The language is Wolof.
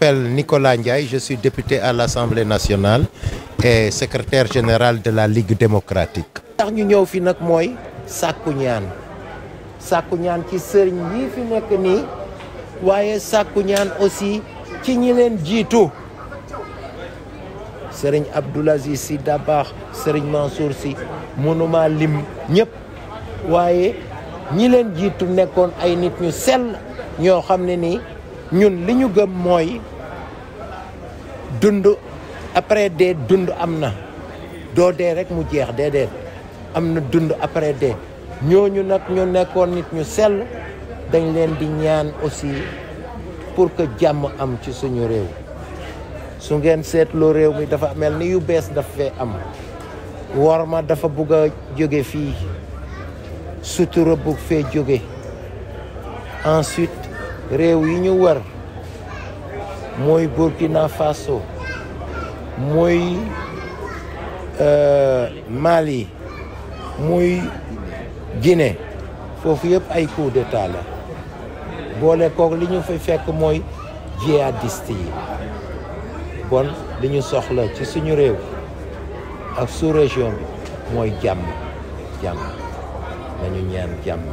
m'appelle Nicolas Ndiaye, je suis député à l'Assemblée nationale et secretaire général de la Ligue démocratique. tax ñu ñëw fi nag mooy sàkku ñaan sàkku ci sëriñ yi fi nekk nii waaye sàkku ñaan aussi ci ñi leen jiitu sëriñ Abdoul Aziz Sy Dabakh sëriñ Mansour Sy mënuma lim ñëpp waaye ñi leen jiitu nekkoon ay nit ñu sell ñoo xam ne nii ñun li ñu gëm mooy dund après dee dund am na doo dee rek mu jeex déedéet am na dund après dee ñooñu nag ñu nekkoon nit ñu sell dañ leen di ñaan aussi pour que jàmm am ci suñu réew su ngeen seetloo réew mi dafa mel ni yu bees dafa fee am wor ma dafa bugg a jóge fii sutura bugg fee jóge ensuite réew yi ñu war mooy Burkina Faso mooy euh, Mali mooy Guinée foofu yëpp ay coup d'état la boole kook li ñu fi fekk mooy jihadiste yi bon li ñu soxla ci suñu réew ak su région bi mooy jàmm jàmm nañu ñaan jàmm